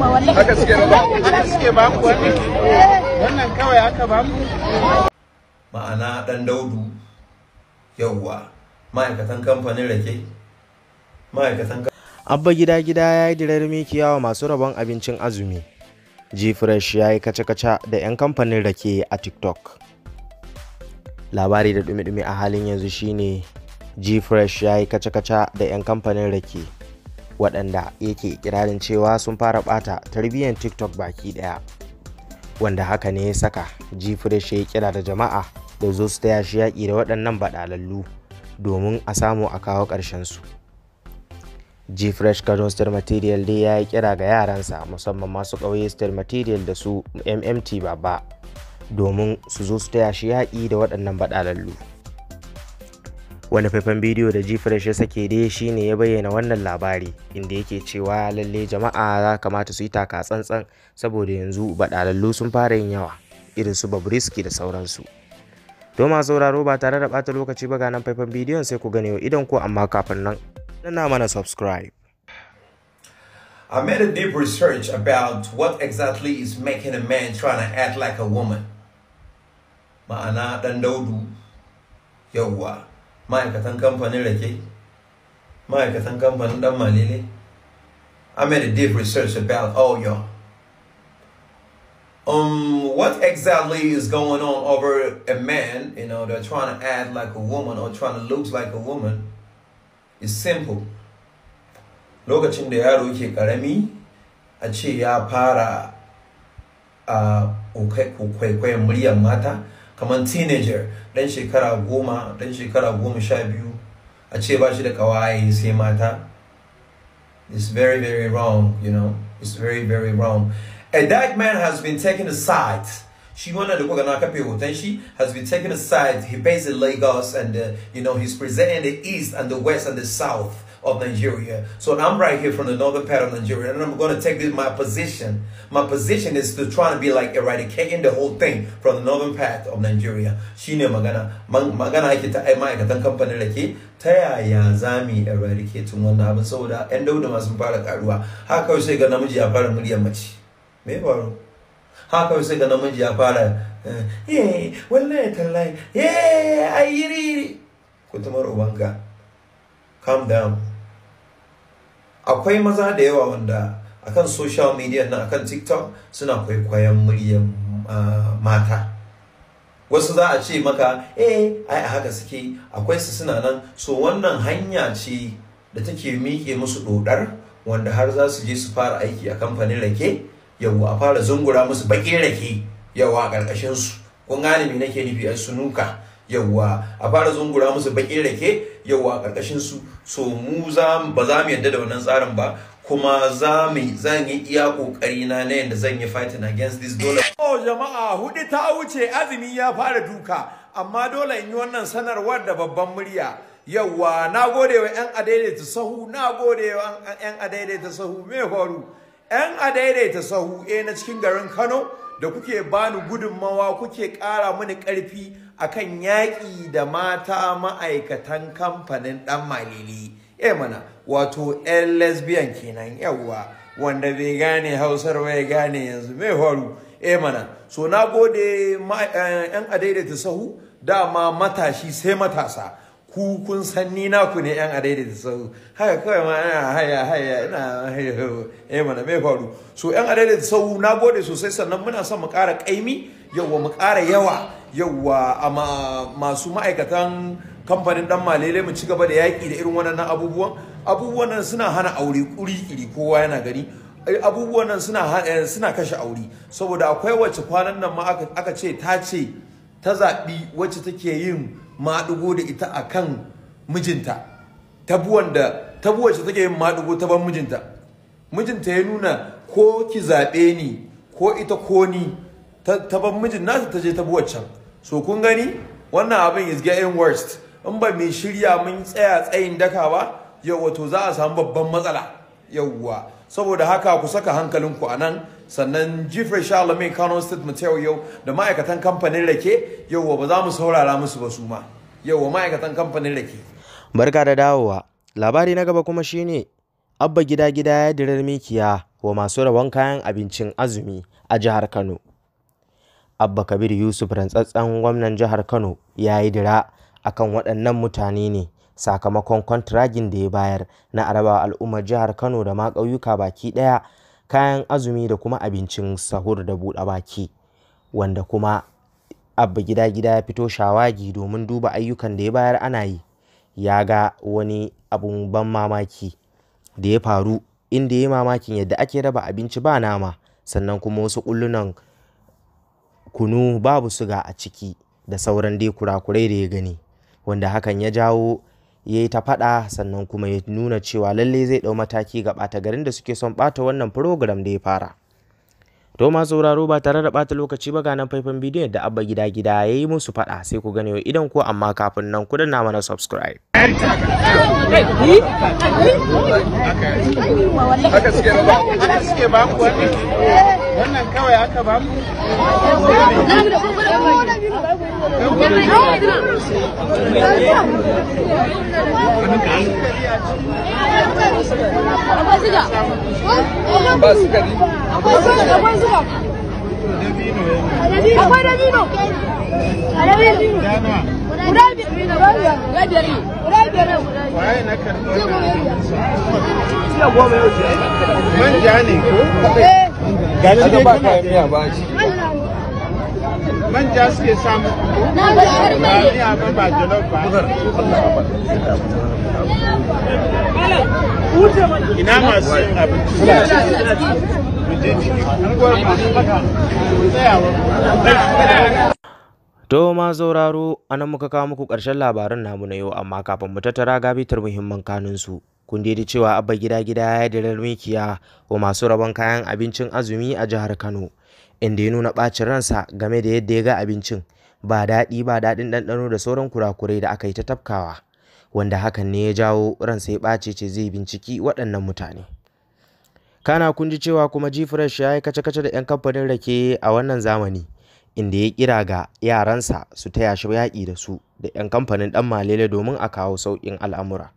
Ma'ana ɗan daudu yauwa ma'aikatan kamfanin rake ma'aikatan Abba gida gida ya yi dirar mikiya wa masu rabon abincin azumi. G-Fresh ya yi kaca-kaca da 'yan kamfanin rake a TikTok. Labari da dumi-dumi a halin yanzu shine G-Fresh ya yi kaca-kaca da 'yan kamfanin rake. waɗanda yake kirarin cewa sun fara ɓata tarbiyyar tiktok baki ɗaya wanda haka ne ya saka jifresh ya kira da jama'a da zo su taya shi yaƙi da waɗannan baɗalallu domin a samu a kawo ƙarshensu jifresh kano star material dai ya yi kira ga yaransa musamman masu ƙauye star material da su mmt baba domin su zo su taya shi yaƙi da waɗannan baɗalallu wani faifan bidiyo da jifresh ya sake dai ne ya bayyana wannan labari inda yake cewa lalle jama'a za kamata su yi taka tsantsan saboda yanzu baɗalallu sun fara yin yawa irin su babriski da sauransu to ma sauraro ba tare da ɓata lokaci ba ga nan faifan bidiyon sai ku gane idan ko amma kafin nan na mana subscribe I made a deep research about what exactly is making a man trying to act like a woman. Ma'ana dan daudu yawwa. ma'aikatan kamfanin rake ma'aikatan kamfanin dan malili. I made a deep research about all y'all. Um, what exactly is going on over a man? You know, they're trying to act like a woman or trying to look like a woman. It's simple. Lokacin da yaro yake karami a ce ya fara a uh, kwaikwayon muryar mata on, teenager dan shekara goma dan shekara Then she biyu a ce ba shi da kawaye sai mata it's very very wrong you know it's very very wrong and that man has been taken aside the Shimon Then she has been taken aside. He based in Lagos and, uh, you know, he's presenting the east and the west and the south of Nigeria. So I'm right here from the northern part of Nigeria, and I'm going to take this my position. My position is to try to be like eradicating the whole thing from the northern part of Nigeria. Shine magana magana ake ta ai eh, ma'aikatan kamfanin rake ta yaya za mu eradicate wannan abin saboda 'yan dauda masu fara karuwa haka kawai sai ga namiji ya fara muryar mace. Me faru? haka sai ga namiji ya fara eh, eh wallahi tallahi eh ayyiri kutumar ubanga calm down akwai maza da yawa wanda akan social media na akan tiktok suna kwaikwayon muryan ah, mata wasu za a ce maka eh ai haka suke akwai su suna nan so wannan hanya ce da take miƙe musu dodar wanda har za su je su fara aiki a kamfanin rake yawa a fara zungura musu baƙin rake yawa a ƙarƙashin su kun gane me nake nufi a sunuka yawa a fara zungura musu baƙin rake yawa a ƙarƙashin su so mu ba za mu yarda da wannan tsarin ba kuma za mu zan yi iya ƙoƙarina na na zan yi fighting against this dollar o jama'a hudu ta wuce azumi ya fara duka amma dole in yi wannan sanarwar da babban murya yawwa na gode wa 'yan adaidaita sahu na gode wa 'yan adaidaita sahu me faru 'yan a daidaita sahu e na cikin garin Kano da kuke bani gudunmawa kuke ƙara mini ƙarfi a kan yaƙi da mata ma'aikatan kamfanin ɗan malili e mana wato 'yan lesbian kenan yawwa wanda bai gane hausar bai gane yanzu mai horu e eh, mana so na gode 'yan a daidaita sahu dama matashi sai matasa ku kun san ni naku ne yan adaidai da sau haka kawai ma ina haya haya ina haya eh mana me faru so yan adaidai da sau na gode sosai sannan muna son mu ƙara ƙaimi yawwa mu ƙara yawa yawwa a masu ma'aikatan kamfanin dan malele mu ci gaba da yaƙi da irin wannan abubuwan abubuwan nan suna hana aure ƙuri ƙiri kowa yana gani eh, abubuwan nan suna eh, suna kashe aure saboda akwai wacce kwanan nan ma aka ce ta ce ta zaɓi wacce take yin maɗugo da ita a kan mijinta tabuwan da tabuwar ta take yin maɗugo ta ban mijinta mijinta ya nuna ko ki zaɓe ni ko ita ko ni ta ban mijin nasa ta je tabuwar can so kun gani wannan abin is getting worst in ba mai shirya mun tsaya tsayin daka ba yau wato za a samu babban matsala yawwa saboda haka ku saka hankalinku a nan sannan jifre charlemagne kano state material yau da ma'aikatan kamfanin rake yawwa ba za mu saurara musu ba su ma yawwa ma'aikatan kamfanin rake barka da dawowa labari na gaba kuma shine abba gida gida ya dirar mikiya wa masu rawan kayan abincin azumi a jihar kano abba kabir yusuf rantsatsen gwamnan jihar kano ya yi dira akan waɗannan mutane ne sakamakon kwantiragin da ya bayar na arabawa al'ummar jihar Kano da ma ƙauyuka baki ɗaya kayan azumi da kuma abincin sahur da buɗe baki wanda kuma abba gida gida ya fito shawagi domin duba ayyukan da ya bayar ana yi ya ga wani abun ban mamaki da ya faru inda ya mamakin yadda ake raba abinci ba nama sannan kuma wasu kullunan kunu babu suga a ciki da sauran dai kurakurai da ya gani wanda hakan ya jawo ya yi ta faɗa sannan kuma ya nuna cewa lalle zai ɗau mataki ga ɓata garin da suke son bata wannan program da ya fara to ma sauraro ba tare da bata lokaci ba ga nan faifan bidiyon da abba gida gida ya yi musu faɗa sai ku gane idan ko amma kafin nan ku danna mana subscribe akwai siga akwai siga akwai siga akwai ne ko? ganin da manja suke samu To ma zauraro, anan muka kawo muku ƙarshen labaran namu na yau amma kafin mu tattara gabitar muhimman kanunsu. kun daidai cewa abba gida gida ya dirar mikiya wa masu rabon kayan abincin azumi a jihar kano inda ya nuna ɓacin ransa game da yadda ya ga abincin ba daɗi ba daɗin ɗanɗano da sauran kurakurai da aka yi ta tafkawa wanda hakan ne ya jawo ransa ya ɓace ce zai binciki waɗannan mutane kana kun ji cewa kuma jifresh ya yi kace-kace da 'yan kamfanin rake a wannan zamani inda ya kira ga yaransa su taya shi yaƙi da su da 'yan kamfanin ɗan malele domin a kawo sauƙin al'amura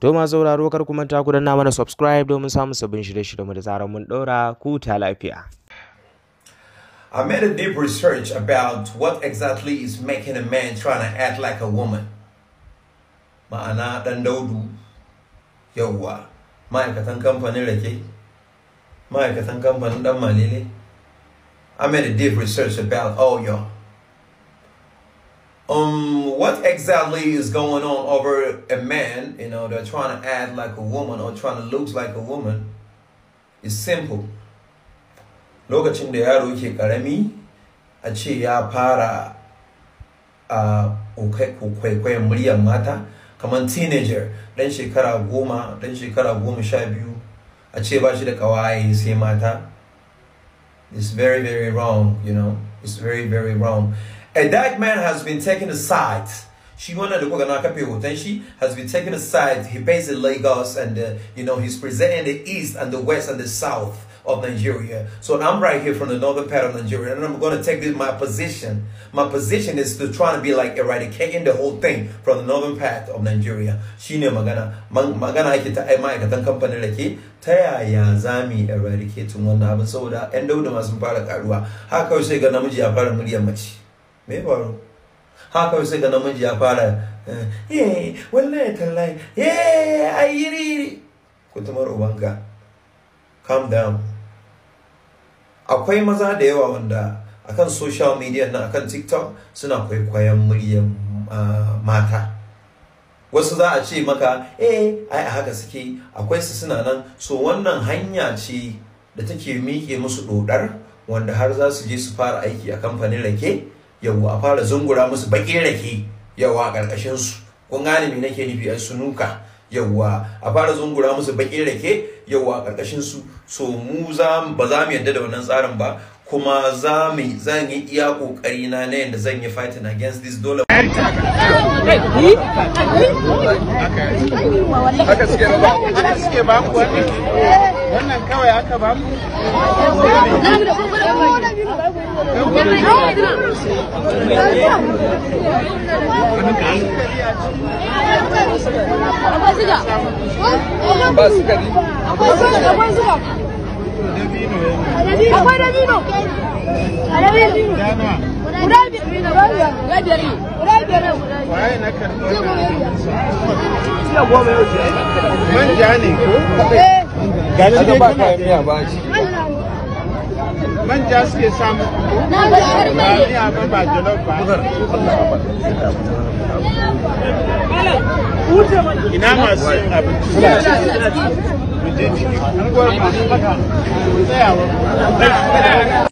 To ma sauraro kar kuma ta ku danna mana subscribe domin samun sabbin shirye mu da zaran mun daura ku ta lafiya. I made a deep research about what exactly is making a man trying to act like a woman. Ma'ana ɗan daudu yawwa ma'aikatan kamfanin rake, ma'aikatan kamfanin ɗan malele. I made a deep research about all y'all. um, what exactly is going on over a man, you know, they're trying to act like a woman or trying to look like a woman It's simple. Lokacin da yaro yake karami a ce ya fara a kwaikwayon muryar mata kamar teenager dan shekara goma dan shekara goma sha biyu a ce ba shi da kawaye sai mata it's very very wrong you know it's very very wrong a dark man has been taken aside. She wanted to work on Akapiwo. Then she has been taken aside. He pays in Lagos and, uh, you know, he's presenting the east and the west and the south of Nigeria. So I'm right here from the northern part of Nigeria, and I'm going to take this my position. My position is to try to be like eradicating the whole thing from the northern part of Nigeria. She Shine magana magana yake ta eh, ma'aikatan kamfanin rake ta yaya za mu eradicate wannan abin saboda 'yan dauda masu fara karuwa haka sai ga namiji ya fara muryar mace. me ha kawai sai ga namiji ya fara eh, eh wallahi tallahi eh ayiri kutumar ubanka calm down akwai maza da yawa wanda akan social media na akan tiktok suna kwaikwayon muryan ah, mata wasu za a ce maka eh ai a haka suke akwai su suna nan so wannan hanya ce da take miƙe musu dodar wanda har za su je su fara aiki a kamfanin rake yawa a fara zungura musu baƙin rake yawa a ƙarƙashin su kun gane me nake nufi a sunuka yawa a fara zungura musu baƙin rake yawa a ƙarƙashin su so mu ba za mu yadda da wannan tsarin ba kuma za mu zan yi iya kokari na na yadda zan yi fighting against this dollar haka suke ba haka suke ba ku wannan kawai haka ba akwai suga akwai suga akwai suga akwai dabino guda biyar ne guda biyar ne guda biyar ne manja ne ko? gani dai kana biya ba shi manja suke samu ba ni abin ba jalof ba ina masu yin abinci mu je ciki unguwar masu tsaya